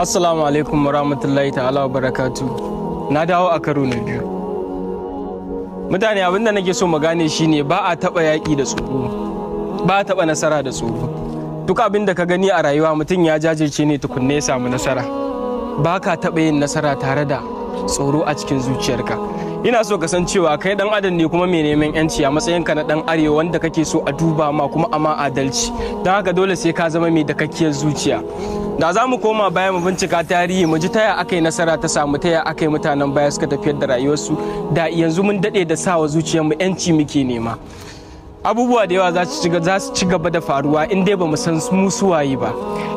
Assalamu alaikum warahmatullahi ta'ala barakatu. Na dawo a karo na biyu. Mutane abin da nake so mu gane shine ba a taba yaƙi da tsoro. Ba a taba nasara da tsoro. Duk abin da ka gani a rayuwa mutum ya jajirce ne tukunne ya samu nasara. Ba ka taba yin nasara tare da tsoro a cikin zuciyarka. ina so ka san cewa kai dan adam ne kuma mai neman yanci a matsayin na dan arewa wanda kake so a duba ma kuma a ma adalci don haka dole sai ka zama mai dakakkiyar zuciya da za mu koma baya mu bincika tarihi mu ji ta taya aka yi nasara ta samu ta taya aka yi mutanen baya suka tafiyar da rayuwarsu da yanzu mun daɗe da sawa zuciyarmu yanci muke nema abubuwa da yawa za su ci gaba da faruwa in dai ba san mu suwaye ba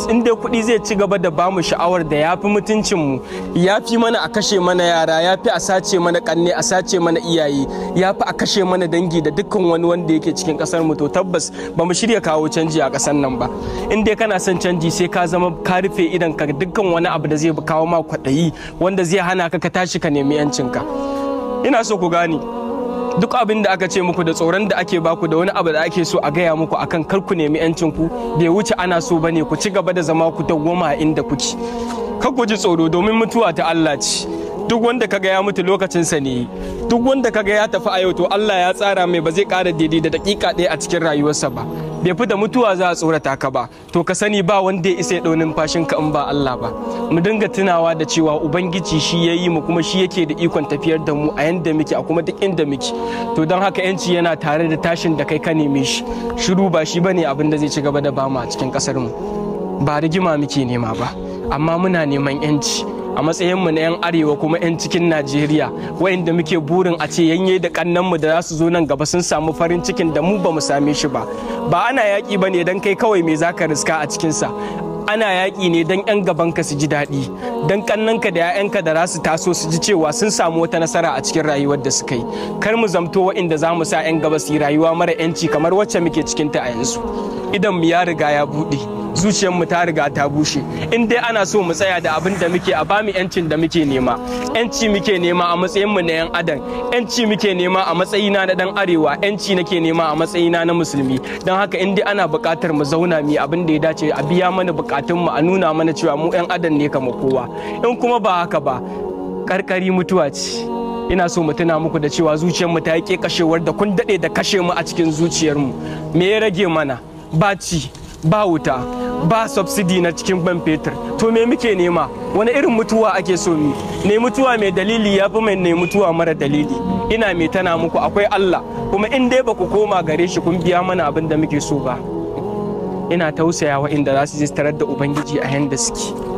in dai kuɗi zai ci gaba da bamu sha'awar da ya fi mutuncinmu ya fi mana a kashe mana yara ya fi a sace mana kanne a sace mana iyaye ya fi a kashe mana dangi da dukkan wani wanda yake cikin ƙasar mu to tabbas ba mu shirya kawo canji a ƙasar nan ba in dai kana son canji sai ka zama ka rufe idan ka dukkan wani abu da zai kawo ma kwaɗayi wanda zai hana ka ka tashi ka nemi 'yancinka ina so ku gane duk abin da aka ce muku da tsoron da ake baku da wani abu da ake so a gaya muku akan kar ku nemi yancin ku bai wuce ana so bane ku ci gaba da zama ku dawwama inda kuke kar ku ji tsoro domin mutuwa ta Allah ce duk wanda kaga ya mutu lokacin sa ne duk wanda kaga ya tafi a yau to Allah ya tsara mai ba zai ƙara daidai da dakika ɗaya a cikin rayuwarsa ba bai fi da mutuwa za a tsorata ka ba to ka sani ba wanda ya isa ya fashin ka in ba Allah ba mu dinga tunawa da cewa ubangiji shi ya yi mu kuma shi yake da ikon tafiyar da mu a yanda muke a kuma duk inda muke to don haka yanci yana tare da tashin da kai ka nemi shi shiru ba shi bane abin da zai ci gaba da bamu a cikin kasar mu ba rigima muke nema ba amma muna neman yanci a matsayin mu na 'yan arewa kuma 'yan cikin najeriya wayanda muke burin a ce yanye da kannan mu da za su zo nan gaba sun samu farin cikin da mu bamu same shi ba ba ana yaki ba ne don kai kawai me zaka riska a cikinsa ana yaƙi ne don 'yan gabanka su ji daɗi don kannanka da 'ya'yanka da za su taso su ji cewa sun samu wata nasara a cikin rayuwar da suka yi kar mu zamto waɗanda za mu sa 'yan gaba su yi rayuwa mara 'yanci kamar wacce muke cikin ta a yanzu idan mu ya riga ya buɗe zuciyar mu ta riga ta bushe in dai ana so mu tsaya da abin da muke a bamu yancin da muke nema yanci muke nema a matsayin mu na yan adam yanci muke nema a matsayina na dan arewa yanci nake nema a matsayina na musulmi don haka in dai ana buƙatar mu zauna mu abin da ya dace a biya mana buƙatar mu a nuna mana cewa mu 'yan adam ne kama kowa in kuma ba haka ba karkari mutuwa ce ina so mu tuna muku da cewa zuciyar mu ta yake kashewar da kun daɗe da kashe mu a cikin zuciyar mu me ya rage mana ba ci ba wuta ba subsidi na cikin ban fetur to me muke nema wani irin mutuwa ake so mu ne mutuwa mai dalili ya fi mai ne mutuwa mara dalili ina mai tana muku akwai Allah kuma in dai ba ku koma gare shi kun biya mana abin da muke so ba. ina tausaya wa inda za su je tarar da ubangiji a yanda suke